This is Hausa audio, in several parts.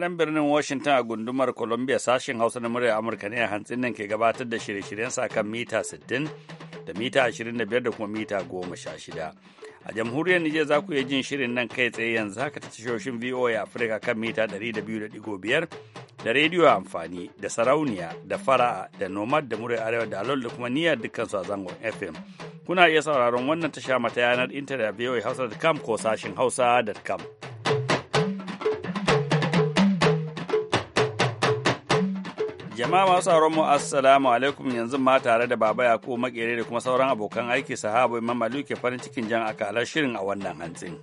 nan birnin Washington a gundumar Columbia sashen Hausa na murya Amurka ne a hantsin nan ke gabatar da shirye-shiryen sa kan mita 60 da mita 25 da kuma mita 16. A jamhuriyar Nijar za ku iya jin shirin nan kai tsaye yanzu haka ta tashoshin VOA Africa kan mita 200.5 da rediyo amfani da sarauniya da fara'a da nomad da murya arewa da alol da kuma niyyar dukkansu a zangon FM. Kuna iya sauraron wannan tasha mata yanar intanet a Hausa.com ko sashin hausa.com. Jama'a masu tsaron mu assalamu alaikum yanzu ma tare da Baba Yakubu Makere da kuma sauran abokan aiki sahabo Imam Malu ke farin cikin jan akalar shirin a wannan hantsin.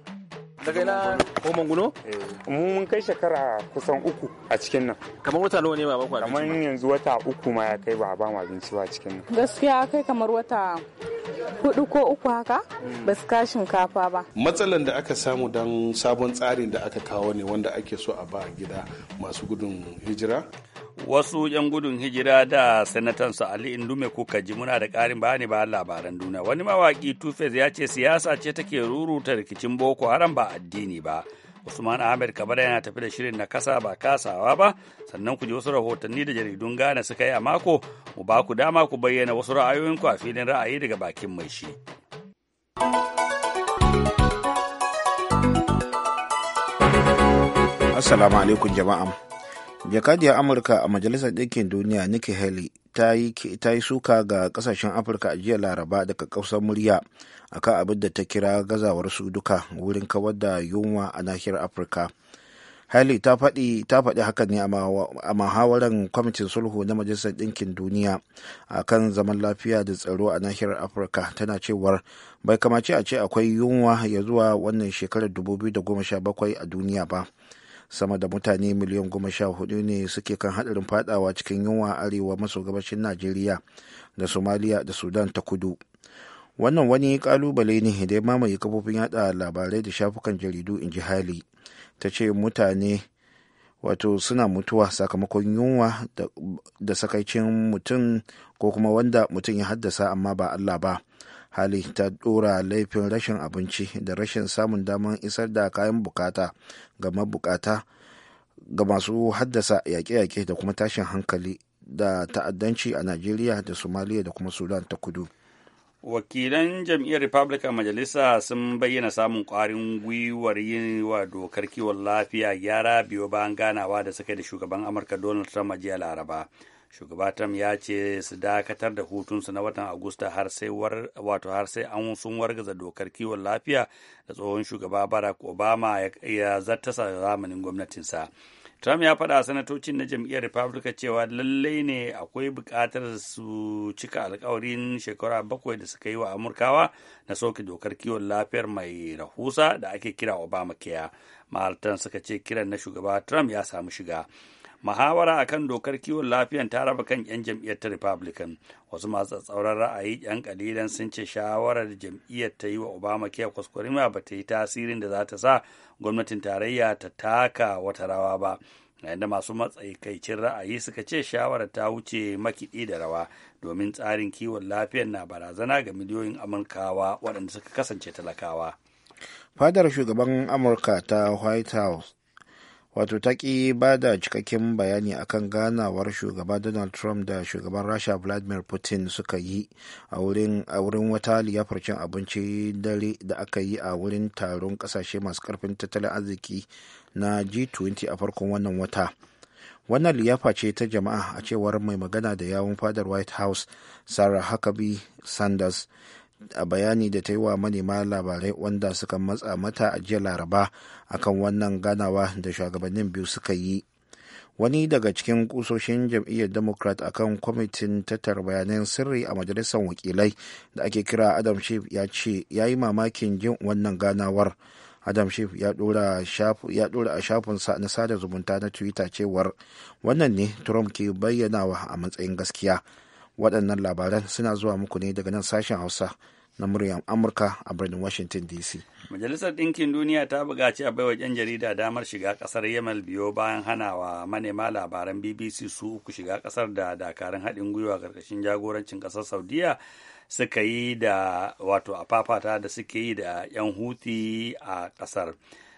Daga ina ko manguno? Eh. Mun kai shekara kusan uku a cikin nan. Kamar wata nawa ne baba ku Kamar yanzu wata uku ma ya kai ba ba mu abinci ba cikin nan. Gaskiya kai kamar wata hudu ko uku haka ba su ka shinkafa ba matsalar da aka samu don sabon tsarin da aka kawo ne wanda ake so a ba gida masu gudun hijira wasu 'yan gudun hijira da sanatan su Ali Indume kuka ji muna da ƙarin bayani ba labaran duniya wani mawaki tufes ya ce siyasa ce take ruruta rikicin Boko Haram ba addini ba Usman Ahmed Kabara yana tafi da shirin na kasa ba kasawa ba sannan ku ji wasu rahotanni da jaridun Ghana suka yi a mako mu ba ku dama ku bayyana wasu ra'ayoyinku a filin ra'ayi daga bakin mai shi. Assalamu alaikum jama'a. Jakadiyar Amurka a Majalisar Ɗinkin Duniya Nikki Haley ta yi suka ga kasashen afirka a jiya laraba daga kausar murya akan abin da ta kira gazawar su duka wurin kawar da yunwa a nahiyar afirka hali ta faɗi hakan haka ne a mahawaran kwamitin sulhu na majalisar ɗinkin duniya a kan zaman lafiya da tsaro a nahiyar afirka tana cewar bai kamace a ce akwai yunwa ya zuwa wannan shekarar 2017 a duniya ba sama da mutane miliyan goma sha hudu ne suke kan hadarin fadawa cikin yunwa arewa maso gabashin najeriya da somaliya da sudan ta kudu wannan wani kalubale ne da ya mamaye kafofin yada labarai da shafukan jaridu in ji hali ta ce mutane wato suna mutuwa sakamakon yunwa da sakaicin mutum ko kuma wanda mutum ya haddasa amma ba allah ba hali ta dora laifin rashin abinci da rashin samun damar isar da kayan bukata ga mabukata ga masu haddasa yaƙe-yaƙe da kuma tashin hankali da ta'addanci a najeriya da somaliya da kuma sudan ta kudu wakilan jam'iyyar republican majalisa sun bayyana samun kwarin gwiwar yin wa dokar kiwon lafiya gyara biyo bayan ganawa da suka da shugaban amurka donald trump jiya laraba shugaba trump ya ce su dakatar da hutunsu na watan agusta har sai wato har sai an sun wargaza dokar kiwon lafiya da tsohon shugaba barack obama ya zartasa zamanin gwamnatinsa Trump ya faɗa sanatocin na jam'iyyar Republican cewa lallai ne akwai bukatar su cika alkawarin shekara bakwai da suka yi wa Amurkawa na soke dokar kiwon lafiyar mai rahusa da ake kira obama Obamacare. Mahaltan suka ce kiran na shugaba Trump ya samu shiga. muhawara akan dokar kiwon lafiyan ta raba kan 'yan jam'iyyar ta republican wasu masu tsatsauran ra'ayi 'yan kalilan sun ce shawarar jam'iyyar ta yi wa obama kiya kuskurima ba ta yi tasirin da za ta sa gwamnatin tarayya ta taka wata rawa ba yayin da masu matsakaicin ra'ayi suka ce shawarar ta wuce makiɗi da rawa domin tsarin kiwon lafiyar na barazana ga miliyoyin amurkawa waɗanda suka kasance talakawa fadar shugaban amurka ta white house wato ta ƙi ba da cikakken bayani akan ganawar shugaba donald trump da shugaban rasha vladimir putin suka yi a wurin wata liyafar cin abinci dare da aka yi a wurin taron ƙasashe masu karfin tattalin arziki na g20 a farkon wannan wata wannan liyafa ce ta jama'a a cewar mai magana da yawun fadar white house sarah huckabee sanders a bayani da ta yi wa manema labarai wanda suka matsa mata a jiya laraba akan wannan ganawa da shugabannin biyu suka yi wani daga cikin kusoshin jam'iyyar democrat akan kwamitin tattara bayanan sirri a majalisar wakilai da ake kira adam shif ya ce ya yi mamakin jin wannan ganawar adam shif ya dora a shafinsa na sada zumunta na twitter cewar wannan ne trump ke bayyanawa a matsayin gaskiya waɗannan labaran suna zuwa muku ne daga nan sashen hausa na muryar amurka a birnin washington dc majalisar ɗinkin duniya ta buƙaci a baiwa 'yan jarida damar shiga ƙasar yamal biyo bayan hanawa manema labaran bbc su uku shiga ƙasar da dakarun haɗin gwiwa ƙarƙashin jagorancin ƙasar saudiya suka yi da wato a fafata da suke yi da 'yan huti a ƙasar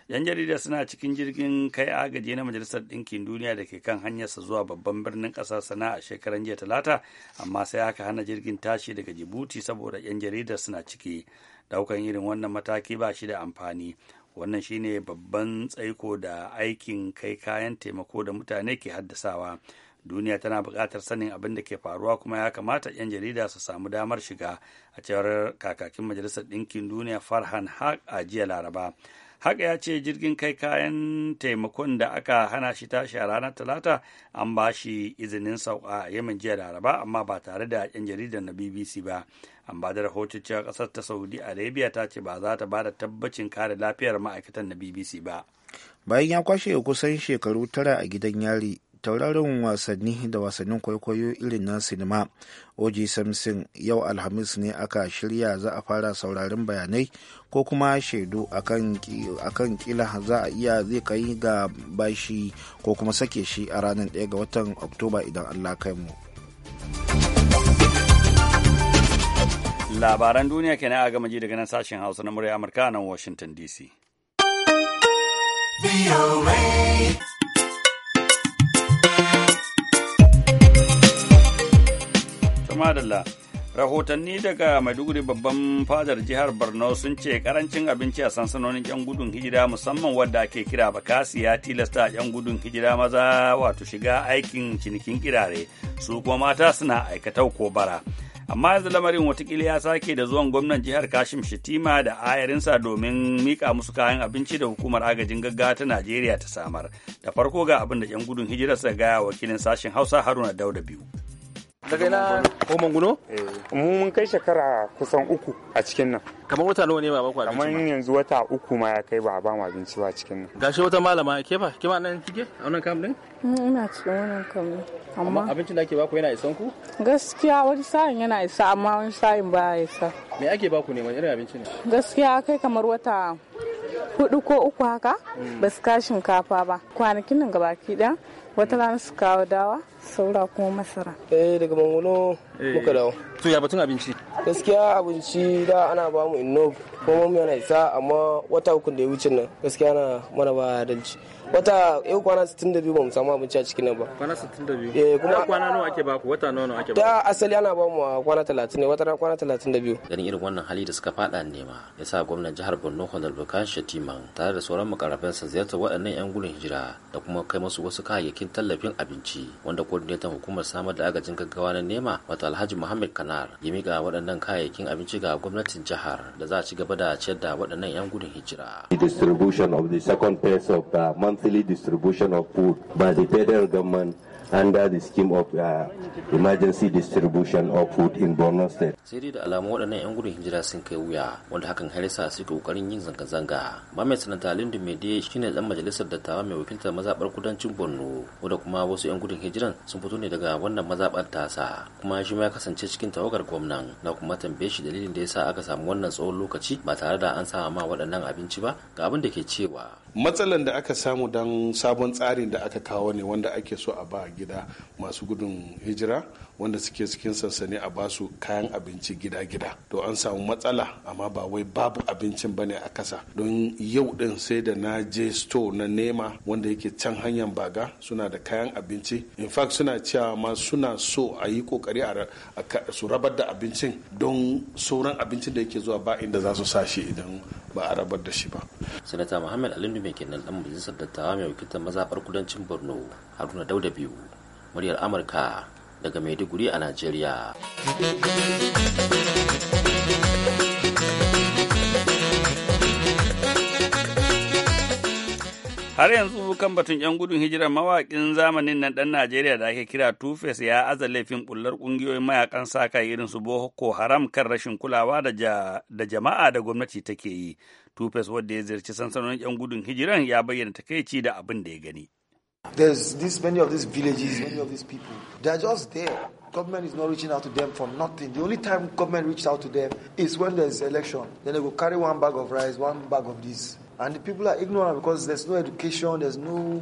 yan jarida suna cikin jirgin kai agaji na majalisar ɗinkin duniya da ke kan hanyarsa zuwa babban birnin ƙasar sana'a a shekaran jiya talata amma sai aka hana jirgin tashi daga jibuti saboda yan jarida suna ciki daukan irin wannan mataki ba shi da amfani wannan shine babban tsaiko da aikin kai kayan taimako da mutane ke haddasawa duniya tana buƙatar sanin abin da ke faruwa kuma ya kamata 'yan jarida su samu damar shiga a cewar kakakin majalisar ɗinkin duniya farhan haq a jiya laraba haka ya ce jirgin kai kayan taimakon da aka hana shi tashi a ranar talata an ba shi izinin sauka a yamin jiya da araba amma ba tare da yan jaridar na bbc ba an ba da rahoton cewa kasar ta saudi arabia ta ce ba za ta ba da tabbacin kare lafiyar ma'aikatan na bbc ba bayan ya kwashe kusan shekaru tara a gidan yari tauraron wasanni da wasannin kwaikwayo irin na sinima og samson yau alhamis ne aka shirya za a fara sauraron bayanai ko kuma shaidu akan kila za a iya zai kai ga bashi ko kuma sake shi a ranar 1 ga watan oktoba idan allah kai mu labaran duniya ke a gama ji daga nan sashen hausa na murya amurka nan washington dc Dalla. rahotanni daga maiduguri babban fadar jihar borno sun ce karancin abinci a sansanonin yan gudun hijira musamman wadda ake kira bakasi ya tilasta yan gudun hijira maza wato shiga aikin cinikin kirare su kuma mata suna aikatau ko bara amma yanzu lamarin watakila ya sake da zuwan gwamnan jihar kashim shitima da ayarinsa domin mika musu kayan abinci da hukumar agajin gaggawa ta najeriya ta samar da farko ga abin da yan gudun hijira suka gaya wakilin sashen hausa haruna dauda biyu daga ina ko manguno eh. mu mun kai shekara kusan uku a cikin nan kamar wata nawa ne ba ba ku abinci kamar yanzu wata uku ma ya kai ba ba mu abinci ba cikin nan gashi wata malama ke ba ke ma nan kike a wannan kam din mm, ina cikin wannan kam amma abincin da ake baku ku yana isan ku gaskiya wani sa'in yana isa amma wani sa'in ba ya isa me ake baku ne wani irin abinci ne gaskiya kai kamar wata hudu ko uku haka mm. ba su ka shinkafa ba kwanakin nan gabaki ɗaya wata rana su kawo dawa saura kuma masara eh daga mangulo eh. muka dawo to ya batun abinci gaskiya abinci da ana ba mu inno kuma mu yana isa amma wata uku da ya wuce nan gaskiya na mana ba dalci wata yau kwana 62 ba mu samu abinci a cikin nan ba kwana 62 eh kuma kwana nawa ake ba ku wata nawa nawa ake ba da asali ana ba mu kwana 30 ne wata ran kwana 32 ganin irin wannan hali da suka fada nema yasa gwamnatin jihar Borno Honal Bukan Shatiman tare da sauran sa ziyartar waɗannan 'yan gudun hijira da kuma kai musu wasu kayayyakin tallafin abinci wanda ko ta hukumar samar da agajin gaggawa na nema wato alhaji muhammad kanar ya miƙa waɗannan kayayyakin abinci ga gwamnatin jihar da za a ci gaba da ciyar da waɗannan 'yan gudun hijira. distribution of the second phase of the monthly distribution of food by the federal government under the scheme of uh, emergency distribution of food in Borno State. Sai dai da alamu waɗannan 'yan gudun hijira sun kai wuya wanda hakan harisa su ke ƙoƙarin yin zanga-zanga. mai Sanata Lindu Mede shine dan majalisar dattawa mai wakiltar mazaɓar kudancin Borno wanda kuma wasu 'yan gudun hijiran sun fito ne daga wannan mazaɓar tasa kuma shi ma ya kasance cikin tawagar gwamnan na kuma tambaye shi dalilin da yasa aka samu wannan tsawon lokaci ba tare da an sama ma waɗannan abinci ba ga abin da ke cewa. Matsalar da aka samu don sabon tsarin da aka kawo ne wanda ake so a ba gida masu gudun hijira wanda suke cikin sansani a basu kayan abinci gida-gida to an samu matsala amma ba wai babu abincin bane a kasa don yau din sai da na je store na nema wanda yake can hanyar baga suna da kayan abinci in fact suna cewa ma suna so a yi kokari a su rabar da abincin don sauran abincin da yake zuwa ba inda za su sa shi idan ba a rabar da shi ba sanata muhammad alindu mai kenan dan majalisar dattawa mai wakiltar mazabar kudancin borno haruna dauda biyu muryar amurka daga maiduguri a najeriya har yanzu kan batun 'yan gudun hijirar mawaƙin zamanin nan ɗan najeriya da ake kira tufes ya aza laifin bullar ƙungiyoyin mayakan saka irin su boko haram kan rashin kulawa da jama'a da gwamnati take yi tufes wadda ya ziyarci sansanonin 'yan gudun hijiran ya bayyana takaici da abin da ya gani There's this many of these villages, many of these people. They're just there. Government is not reaching out to them for nothing. The only time government reaches out to them is when there's election. Then they will carry one bag of rice, one bag of this. And the people are ignorant because there's no education, there's no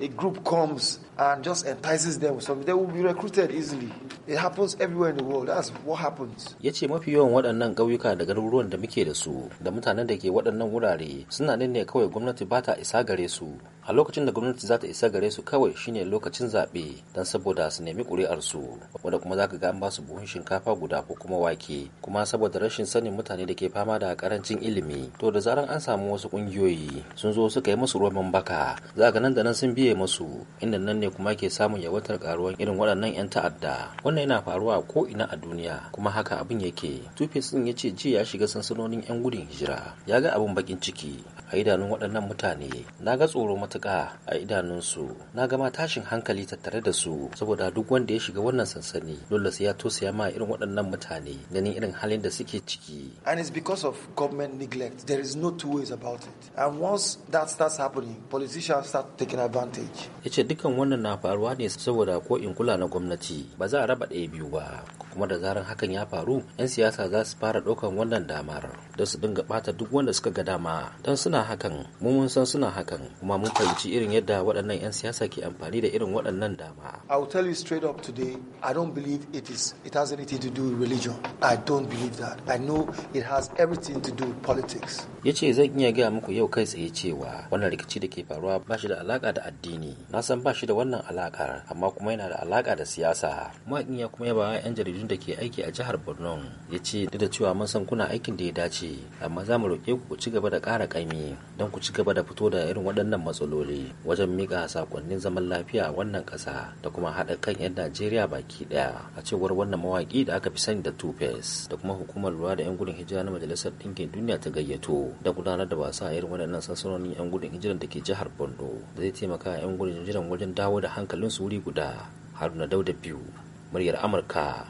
a group comes and just entices them with something, they will be recruited easily. It happens everywhere in the world. That's what happens. Ya ce mafi yawan waɗannan ƙauyuka da garuruwan da muke da su da mutanen da ke waɗannan wurare suna nan ne kawai gwamnati ba ta isa gare su. A lokacin da gwamnati za ta isa gare su kawai shine lokacin zaɓe don saboda su nemi ƙuri'arsu wanda kuma za ka ga an ba su buhun shinkafa guda ko kuma wake kuma saboda rashin sanin mutane da ke fama da karancin ilimi to da zaran an samu wasu ƙungiyoyi sun zo suka yi musu ruwan baka za ga nan da nan sun biye musu inda nan ne ne kuma ke samun yawatar karuwan irin waɗannan 'yan ta'adda wannan yana faruwa ko ina a duniya kuma haka abin yake tufis ɗin ya ce ji ya shiga sansanonin 'yan gudun hijira ya ga abin bakin ciki a idanun waɗannan mutane na ga tsoro matuka a idanunsu na gama tashin hankali tattare da su saboda duk wanda ya shiga wannan sansani dole sai ya tosaya ma irin waɗannan mutane ganin irin halin da suke ciki and it's because of government neglect there is no two ways about it and once that starts happening politicians start taking advantage yace dukan wannan wannan na faruwa ne saboda ko in kula na gwamnati ba za a raba ɗaya biyu ba kuma da zarar hakan ya faru 'yan siyasa za su fara ɗaukan wannan damar don su dinga bata duk wanda suka ga dama don suna hakan mu mun san suna hakan kuma mun fahimci irin yadda waɗannan 'yan siyasa ke amfani da irin waɗannan dama. I will tell you straight up today I don't believe it is it has anything to do with religion I don't believe that I know it has everything to do with politics. Ya ce zan iya gaya muku yau kai tsaye cewa wannan rikici da ke faruwa ba shi da alaka da addini na san ba shi da wannan alakar amma kuma yana da alaka da siyasa mawaƙin ya kuma yaba yan jaridun da ke aiki a jihar borno ya ce duk da cewa mun san kuna aikin da ya dace amma za mu roƙe ku ku ci gaba da ƙara ƙaimi don ku ci gaba da fito da irin waɗannan matsaloli wajen miƙa sakonnin zaman lafiya a wannan ƙasa da kuma haɗa kan 'yan najeriya baki ɗaya a cewar wannan mawaƙi da aka fi sani da tupes da kuma hukumar lura da 'yan gudun hijira na majalisar ɗinkin duniya ta gayyato da gudanar da wasa a irin waɗannan sansanonin 'yan gudun hijira da ke jihar borno da zai taimaka 'yan gudun hijiran wajen dawo dawo da hankalinsu wuri guda haruna dauda biyu muryar amurka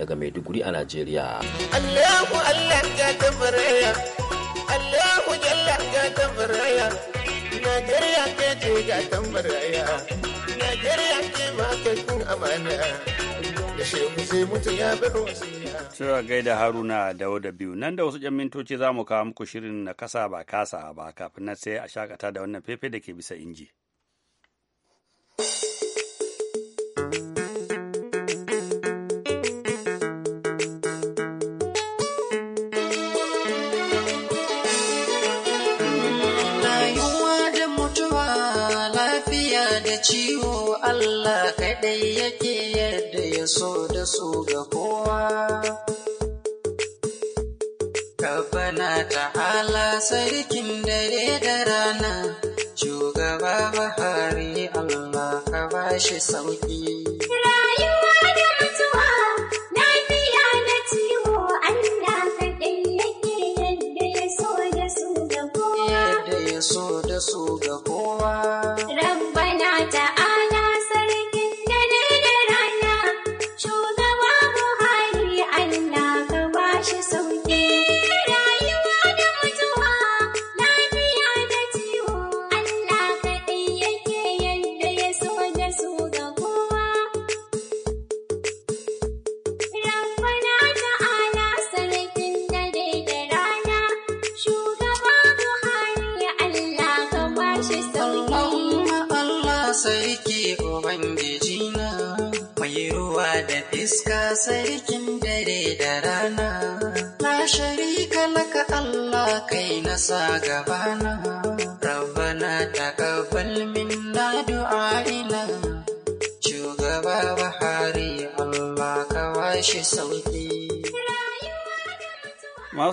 daga maiduguri a najeriya allahu allah da cewa gaida haruna dauda biyu nan da wasu jan mintoci za mu kawo muku shirin na kasa ba kasa ba kafin na sai a shakata da wannan fefe da ke bisa inji. nake so da su ga kowa. Rabbana ta'ala sarkin dare da rana, shugaba Buhari Allah ka bashi sauki. Rayuwa da mutuwa, lafiya na ciwo, Allah kaɗai yake yadda ya so da su ga kowa.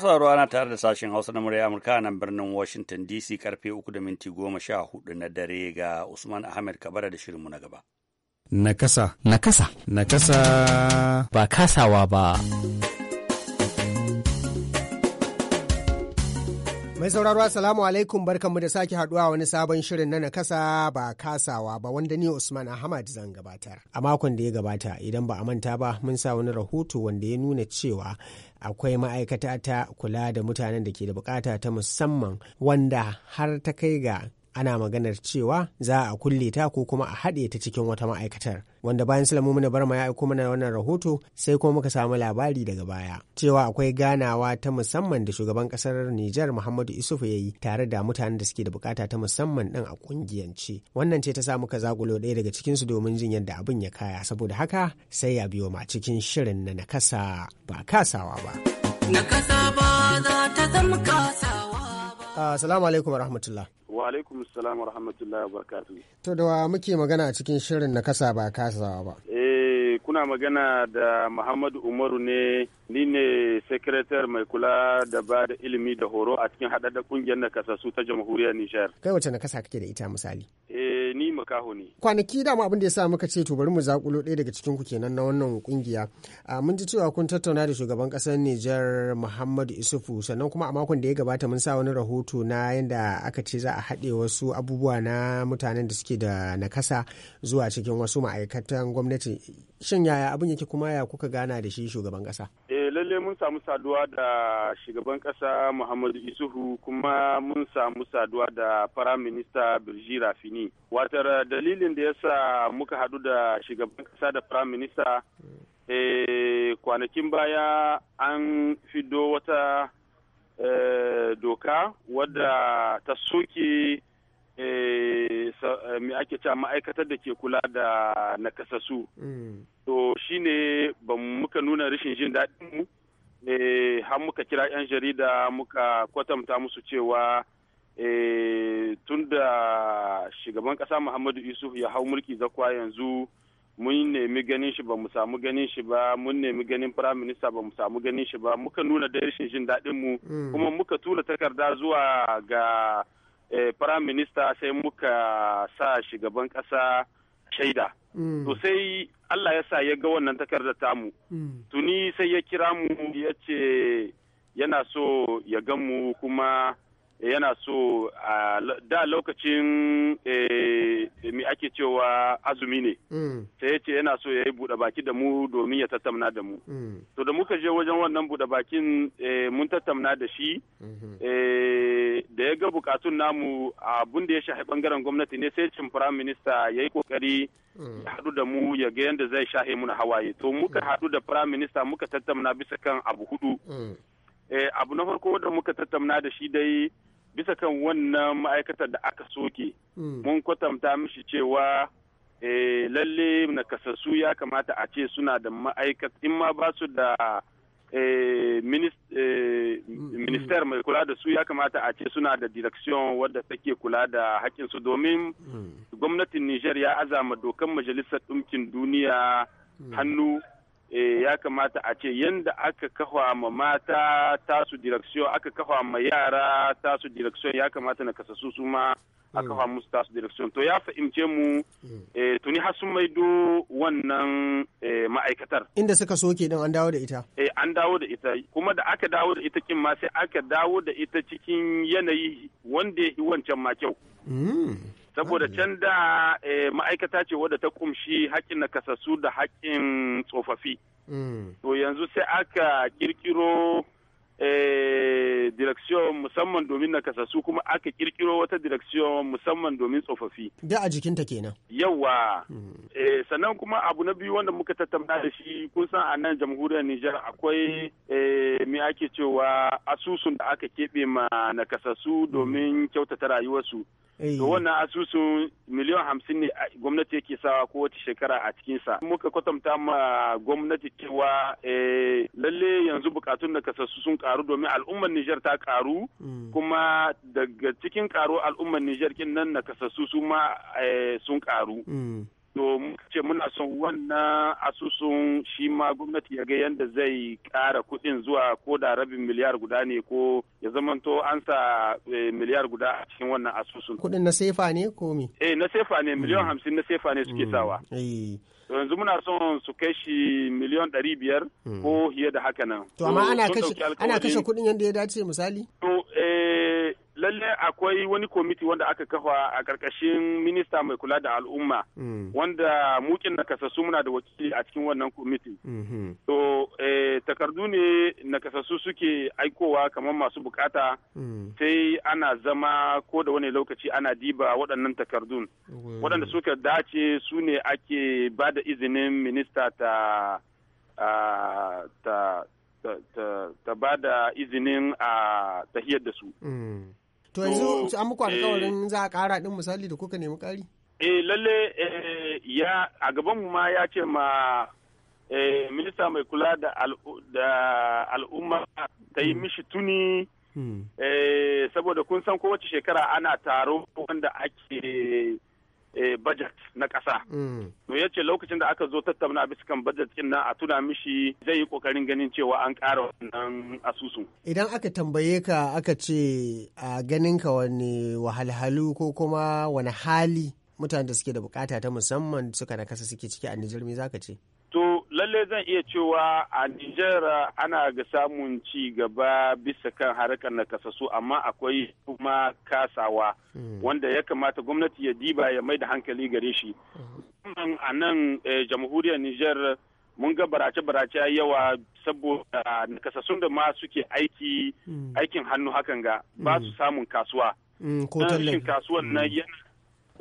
sauraro ana tare da sashen Hausa na murya Amurka nan birnin Washington DC karfe 3 da minti 14 na dare ga Usman Ahmed Kabara da shirinmu na gaba. Nakasa. Nakasa. Nakasa. Ba kasawa ba. Mai sauraro salamu alaikum barkanmu da sake haduwa wani sabon shirin na nakasa ba kasawa ba wanda ni Usman Ahmad zan gabatar. A makon da ya gabata idan ba a manta ba mun sa wani rahoto wanda ya nuna cewa akwai ma'aikata ta kula da mutanen da ke da bukata ta musamman wanda har ta kai ga ana maganar cewa za a kulle ta ko kuma a haɗe ta cikin wata ma'aikatar wanda bayan sulamu mana barma ya aiko mana wannan rahoto sai kuma muka samu labari daga baya cewa akwai ganawa ta musamman da shugaban kasar Nijar Muhammadu Isufu ya yi tare da mutanen da suke da bukata ta musamman ɗin a ƙungiyance, wannan ce ta sa muka zakulo ɗaya daga cikin su domin jin yadda abin ya kaya saboda haka sai ya biyo ma cikin shirin na nakasa ba kasawa ba nakasa ba za ta zama kasawa Assalamu alaikum Wa alaikum salam wa rahmatullahi wa barakatu To da wa muke magana a cikin shirin na kasa ba kasawa ba. Eh kuna magana da Muhammadu Umaru ne ni ne sekretar mai kula da ba da ilimi da horo a cikin haɗaɗɗen ƙungiyar nakasassu ta jamhuriyar Nijar. Kai na nakasa kake da ita misali? Eh ni makaho ne. Kwanaki dama abin da ya sa muka ce to bari mu zakulo ɗaya daga cikin ku kenan na wannan kungiya ah, mun ji cewa kun tattauna da shugaban ƙasar Nijar Muhammadu Isufu sannan kuma a makon da ya gabata mun sa wani rahoto na yadda aka ce za a haɗe wasu abubuwa na mutanen da suke da nakasa zuwa cikin wasu ma'aikatan gwamnati. Shin yaya abin yake kuma ya kuka gana da shi shugaban ƙasa? Eh, lalle mun samu saduwa da shugaban kasa Muhammadu Isuhu kuma mun samu saduwa da Prime Minister Birji Rafini. Watar eh, dalilin da yasa muka hadu da shugaban kasa da Prime Minister e, kwanakin baya an fido wata eh, doka wadda ta soke Eh, mai ake cewa ma'aikatar da ke kula da nakasassu. Mm. To shi ne ba muka nuna rashin jin daɗin har muka kira 'yan jarida muka kwatanta musu cewa eh, tun da shugaban ƙasa Muhammadu Yusuf ya hau mulki zakwa yanzu mun nemi ganin shi ba mu samu ganin shi ba mun nemi ganin firayim minista ba mu samu ganin shi ba muka nuna da rashin jin daɗin mu mm. kuma muka tura takarda zuwa ga Eh, prime minister sai muka sa shugaban kasa shaida. Mm. To sai Allah ya sa ya ga wannan takardar tamu. Mm. Tuni sai ya kira mu ya ce yana so ya gan mu kuma yana so da lokacin e, e, mai ake cewa azumi ne mm. sai ya ce yana so ya yi buɗe baki da mu domin ya tattauna da mu mm. to da muka je wajen wannan buɗe bakin e, mun tattauna da shi mm-hmm. da ya ga bukatun namu abun da ya shahi bangaren gwamnati ne sai cin firayim minista ya yi kokari mm. ya haɗu da mu ya ga yadda zai shahe muna hawaye to muka haɗu da firayim minista muka tattauna bisa kan abu hudu abu na farko da muka tattauna da shi dai bisa kan wannan ma'aikatar da aka soke hmm. mun kwatanta mishi cewa eh, lalle nakasassu ya kamata a ce suna da ma'aikata in ma ba su da eh, eh, hmm. minister mai kula da su ya kamata a ce suna da direction wadda take kula da su domin hmm. gwamnatin niger ya azama dokan majalisar ɗumkin duniya hannu Eh, ya kamata a ce yadda aka kafa ma mata tasu direction aka kafa ma yara tasu direction ya kamata na kasasu su ma a mm. kafa musu tasu direction to ya fahimce mu mm. eh, tuni har sun maido wannan eh, ma'aikatar inda suka soke din an dawo da ita e, an dawo da ita kuma da aka dawo da ita kin ma sai aka dawo da ita cikin yanayi wanda ya wancan ma kyau mm. saboda can da eh, ma'aikata ce wadda ta kumshi haƙƙin nakasassu da haƙƙin tsofaffi mm. to yanzu sai aka kirkiro Eh, direction musamman domin nakasassu kuma aka kirkiro wata direction musamman domin tsofaffi. Da a jikinta kenan. yawwa. Hmm. Eh, sannan kuma abu na biyu wanda muka tattauna da shi kun san a nan jamhuriyar Nijar akwai eh, me ake cewa asusun da aka keɓe ma nakasassu hmm. domin kyautata rayuwarsu. To wannan asusun miliyan hamsin ne gwamnati yake sawa ko wata shekara a cikinsa. Muka kwatanta ma gwamnati cewa lalle yanzu bukatun nakasassu sun ƙaru. karu domin al'ummar Nijar ta karu mm. kuma daga cikin karu al'ummar Nijar kin nan nakasassu su ma eh, sun karu. Mm. To ce muna son wannan asusun shi ma gwamnati ya ga yadda zai kara kuɗin zuwa ko da rabin miliyar guda ne ko ya zamanto an sa eh, miliyar guda a cikin wannan asusun. Kuɗin na sefa ne ko mi? Eh na sefa ne miliyan mm. hamsin na sefa ne suke sawa. Eh. to yanzu muna son su shi miliyon ɗari biyar hmm. ko fiye da haka nan. To amma ana kashe kuɗin yadda ya dace misali? To eh, lalle akwai wani kwamiti wanda aka kafa a ƙarƙashin minista mai kula da al'umma mm. wanda mukin nakasassu muna da wakili a cikin wannan komiti to mm-hmm. eh, takardu ne nakasassu suke aikowa kamar masu bukata mm. sai ana zama ko da wani lokaci ana diba waɗannan takardun waɗanda suka dace su ne ake ba da izinin minista ta ta ba da izinin a tahiyar da su. Mm. to yanzu an muku alkawarin za a kara din misali da kuka nemi kari eh lalle eh, ya a gaban mu ma ya ce ma eh, minista mai kula da al'umma ta yi hmm. mishi tuni hmm. eh, saboda kun san kowace shekara ana taro wanda ake Eh, budget na ƙasa. Mm. To ya ce lokacin da aka zo tattauna bisa kan budget ɗin nan a tuna mishi zai yi ƙoƙarin ganin cewa an ƙara wannan asusun. Idan aka tambaye ka aka ce a ganin ka wani wahalhalu ko kuma wani hali mutane da suke da bukata ta musamman suka kasa suke ciki a Nijar me zaka ce? lalle zan iya cewa a Nijar ana ga samun ci gaba bisa kan harkar kasasu amma akwai kuma kasawa hmm. wanda ya kamata gwamnati ya diba ya mai da hankali gare shi. A nan eh, jamhuriyar Nijar mun ga barace-barace yawa saboda nakasassun da ma suke aiki hmm. aikin hannu hakan ga ba su hmm. samun kasuwa. Ko kasuwan nan yana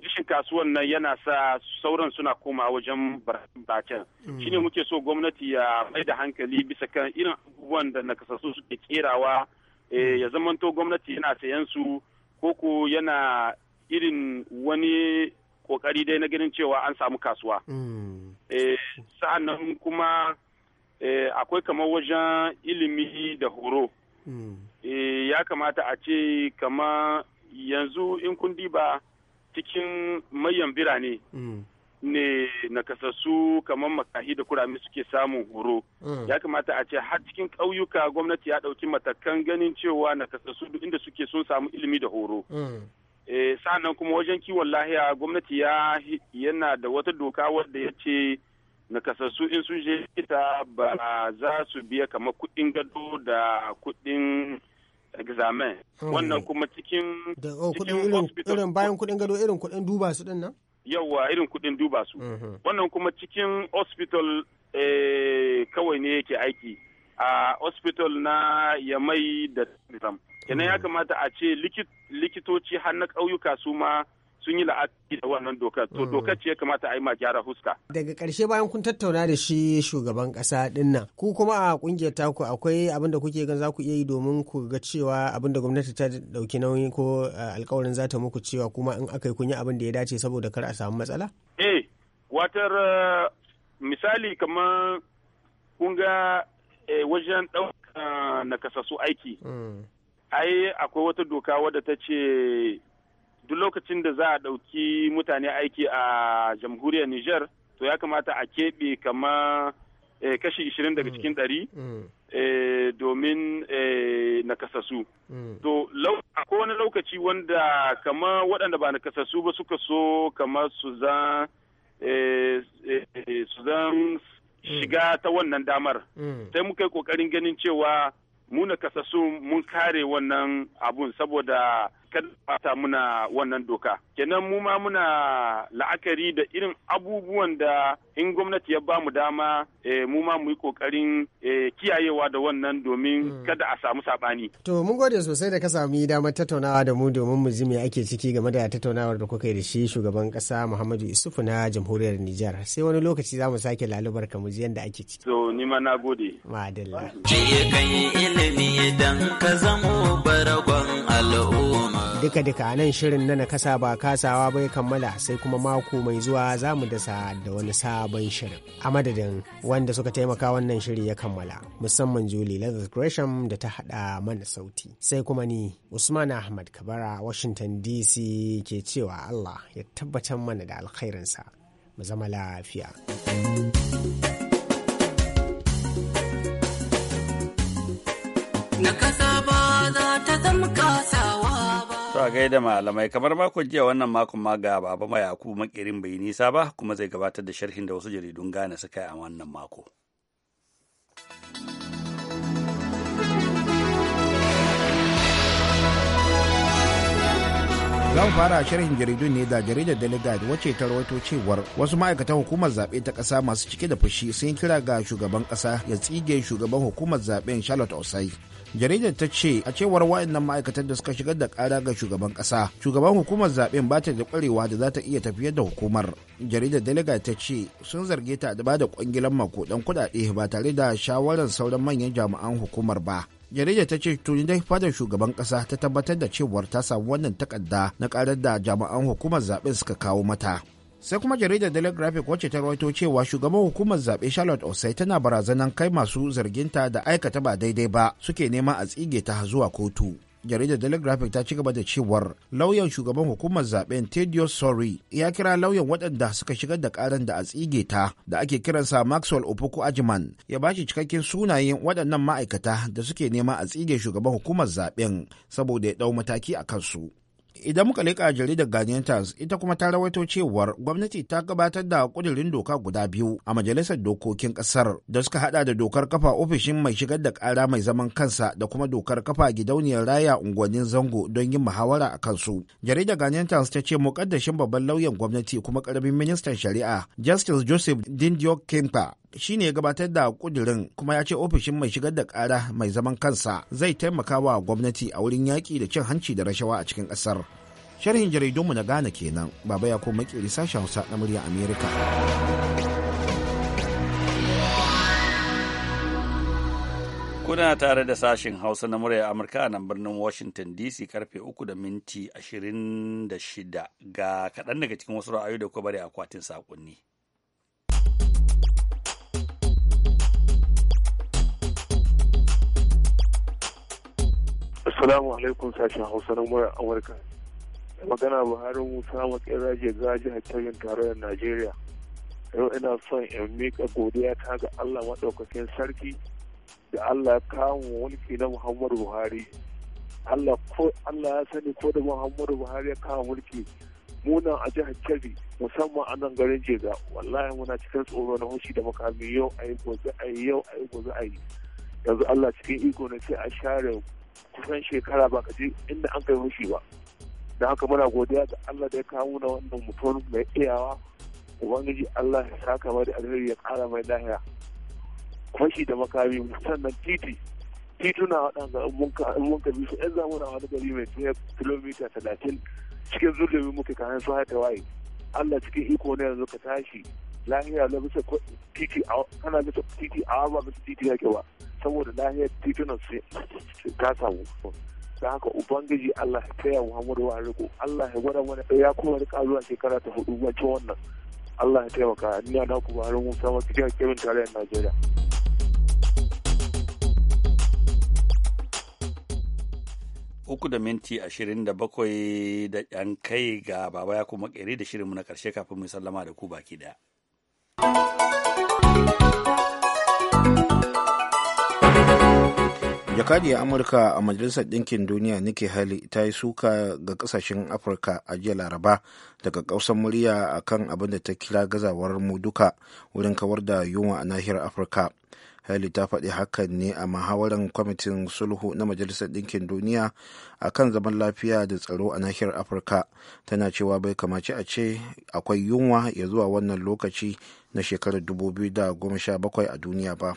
rashin kasuwan nan yana sa sauran suna koma wajen bacen mm. shine muke so gwamnati ya mai da hankali bisa kan irin abubuwan da nakasassu suke kerawa eh, ya zamanto gwamnati yana sayan su koko yana irin wani kokari dai na ganin cewa an samu kasuwa mm. eh, sa'an nan kuma eh, akwai kamar wajen ilimi da horo mm. ya kamata a ce kama yanzu in kun diba cikin mayan birane mm. ne nakasassu kamar makahi da kurame suke samun horo mm. ya kamata a ce har cikin ƙauyuka gwamnati ya ɗauki matakan ganin cewa nakasassu duk inda suke sun samu ilimi da horo mm. eh, sa'annan kuma wajen kiwon lahiya gwamnati ya yana da wata doka wadda ya ce nakasassu in sun je ita ba za su biya kamar kuɗin gado da kuɗin examen oh, wannan kuma cikin oh, cikin hospital irin bayan kudin gado irin kudin duba su din nan yawa irin kudin duba su mhm. wannan kuma cikin hospital eh, kawai ne yake aiki a hospital na yamai da kenan ya mhm. kamata a ce likitoci har na ƙauyuka su ma sun yi la'akari da wannan dokar to mm. dokar ce ya kamata a yi ma gyara huska daga karshe bayan kun tattauna da shi shugaban kasa dinnan ku kuma a kungiyar taku akwai abinda kuke gan za ku iya yi domin ku ga cewa abin gwamnati ta dauki nauyi ko eh, alkawarin za ta muku cewa kuma in aka yi kun yi abin da ya dace saboda kar a samu matsala eh watar eh, misali kamar kun ga eh, wajen ɗauka nakasassu aiki mm. ai akwai wata doka wadda ta ce duk lokacin da za a ɗauki mutane aiki a jamhuriyar Nijar to ya kamata a keɓe kama eh, kashi 20 daga mm. cikin 100 mm. eh, domin eh, nakasassu. Mm. To ko wani lokaci wanda kama waɗanda ba nakasassu ba suka so kama su zan shiga ta wannan damar. Sai muka yi ƙoƙarin ganin cewa mu nakasassu mun kare wannan abun saboda kada muna wannan doka kenan mu ma muna la'akari da irin abubuwan da in gwamnati ya ba mu dama eh, mu ma mu yi kokarin eh, kiyayewa da wannan domin hmm. kada a samu sabani to mun gode sosai da ka sami damar tattaunawa da mu domin mu ji me ake ciki game da tattaunawar da kuka yi da shi shugaban kasa Muhammadu Isufu na jamhuriyar Nijar sai wani lokaci za mu sake lalubar ka mu ji yadda ake ciki to ni ma na gode madalla ilimi idan ka zamo baragon al'umma duka duka nan shirin na nakasa ba kasawa bai kammala sai kuma mako mai zuwa za mu dasa da wani sabon shirin a madadin wanda suka taimaka wannan shiri ya kammala musamman julie leather gresham da ta hada mana sauti sai kuma ni usman ahmad kabara washington dc ke cewa allah ya tabbatar mana da alkhairinsa mu zama lafiya na a da malamai kamar mako jiya wannan makon ma ga baba mayaku makirin bai nisa ba kuma zai gabatar da sharhin da wasu jaridun gane suka yi a wannan mako. zan fara shirin jaridun ne da jaridar delegate wacce ta rawaito cewar wasu ma'aikatan hukumar zaɓe ta ƙasa masu cike da fushi sun kira ga shugaban ƙasa ya tsige shugaban hukumar zaɓen charlotte osai jaridar ta ce a cewar wa'annan ma'aikatan da suka shigar da ƙara ga shugaban ƙasa shugaban hukumar zaɓen ba ta da ƙwarewa da za ta iya tafiyar da hukumar jaridar delega ta ce sun zarge ta da da ƙwangilan makudan kuɗaɗe ba tare da shawarar sauran manyan jami'an hukumar ba Jarida ta ce tuni dai fadar shugaban kasa ta tabbatar da cewar ta samu wannan takarda na karar da jami'an hukumar zaɓe suka kawo mata sai kuma jaridar daily graphic wacce ta rawaito cewa shugaban hukumar zaɓe charlotte Osei tana barazanan kai masu zarginta da aikata ba daidai ba suke neman a tsige ta zuwa kotu jaridar telegraphic ta ci gaba da cewar lauyan shugaban hukumar zaben tedio sorry ya kira lauyan waɗanda suka shigar da ƙarin da a tsige ta da ake kiransa maxwell opoku ajiman ya ba shi cikakken sunayen waɗannan ma'aikata da suke nema a tsige shugaban hukumar zaben saboda ya ɗau mataki a kansu idan muka leƙa jaridar Guardian Times ita kuma ta rawaito cewar gwamnati ta gabatar da ƙudurin doka guda biyu a majalisar dokokin ƙasar da suka hada da dokar kafa ofishin mai shigar da ƙara mai zaman kansa da kuma dokar kafa gidauniyar raya unguwannin zango don yin muhawara a kansu. Jaridar Guardian Times ta ce muƙaddashin babban lauyan gwamnati kuma ƙaramin ministan shari'a Justice Joseph Dindio Kempa shi ne gabatar da kudirin kuma ya ce ofishin mai shigar da kara mai zaman kansa zai taimaka wa gwamnati a wurin yaƙi da cin hanci da rashawa a cikin ƙasar sharhin jaridunmu na ghana kenan baba ya koma makeri sashen hausa na murya amerika kuna tare da sashen hausa na murya amurka a nan birnin washington dc karfe 3 da minti 26 ga kaɗan daga cikin wasu ra'ayoyi da kuma bari akwatin saƙonni. Assalamu alaikum sashen Hausa na murar Amurka. magana Buhari Musa Makera Jega jihar Tauyin tarayyar Najeriya. Yau ina son in miƙa godiya ta ga Allah maɗaukakin sarki da Allah ya kawo mulki na Muhammadu Buhari. Allah ko Allah ya sani ko da Muhammadu Buhari ya kawo mulki munan a jihar Kebbi musamman a nan garin Jega wallahi muna cikin tsoro na hushi da makami yau a yi gobe a yi yau a yi gobe a yi yanzu Allah cikin iko na sai a share kusan shekara ba ka je inda an kai mushi ba da haka muna godiya da Allah da ya kawo na wannan mutum mai iyawa ubangiji Allah ya saka mai da alheri ya kara mai lahiya kwashi da makami sannan titi tituna waɗanda in mun ka bisu yan zamuna wani gari mai tsaye kilomita talatin cikin zurgin muke kayan su hata waye Allah cikin iko ne yanzu ka tashi lahiya na bisa titi kana bisa titi a ba bisa titi yake ba saboda lahiyar titunan su ta samu da haka ubangiji Allah ya taya Muhammadu wa riko Allah ya gwada mana ya kuma rika zuwa shekara ta hudu wancan wannan Allah ya taimaka ni na ku ran Musa wa cikin kebin tarayyar Najeriya uku da minti ashirin da bakwai da yan kai ga baba ya kuma kere da shirin na karshe kafin mu sallama da ku baki daya. jakadiyar amurka a majalisar ɗinkin duniya nike hali ta yi suka ga ƙasashen afirka a jiya laraba daga ƙausar murya a kan abin da ta kira gazawar mu duka wurin kawar da yunwa a nahiyar afirka Haley ta faɗi hakan ne a mahawarar kwamitin sulhu na Majalisar Ɗinkin Duniya a kan zaman lafiya da tsaro a nahiyar Afirka. Tana cewa bai kamaci a ce akwai yunwa ya zuwa wannan lokaci na shekarar 2017 a duniya ba.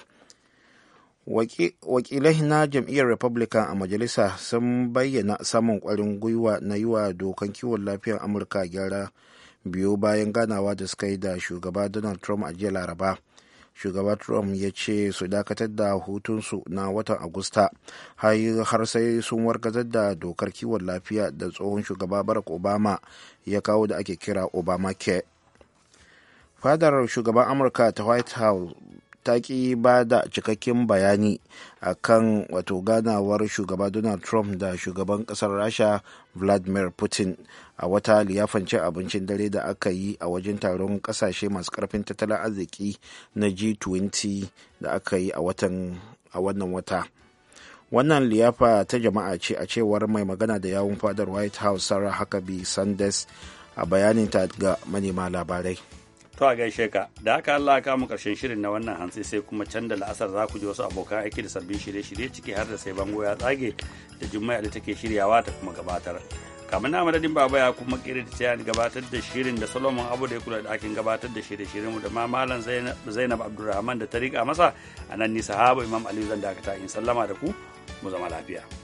wakilai na jam'iyyar republican a majalisa sun bayyana samun kwarin gwiwa na yiwa wa dokan kiwon lafiyar amurka gyara biyu bayan ganawa da suka yi da shugaba donald trump a jiya laraba shugaba trump ya ce su dakatar da hutunsu na watan agusta har sai sun wargazar da dokar kiwon lafiya da tsohon shugaba barack obama ya kawo da ake kira obamacare fadar shugaban amurka ta white house ta ƙi ba da cikakken bayani a kan wato ganawar shugaba donald trump da shugaban kasar rasha vladimir putin a wata liyafan abincin dare da aka yi a wajen taron kasashe masu karfin tattalin arziki na g20 da aka yi a wannan wata wannan liyafa ta jama'a ce a cewar mai magana da yawun fadar white house sarah huckabee sanders a bayaninta ga manema labarai To a gaishe ka, da haka Allah ka mu karshen shirin na wannan hantsi sai kuma can da la'asar za ku ji wasu abokan aiki da sabbin shirye-shirye ciki har da sai bango ya tsage da juma'a da take shiryawa ta kuma gabatar. kamar na madadin baba ya kuma da ta gabatar da shirin da solomon abu da ya kula da akin gabatar da shirye shirye mu da ma malam zainab abdulrahman da ta rika masa a nan ni sahaba imam ali zan dakata in sallama da ku mu zama lafiya.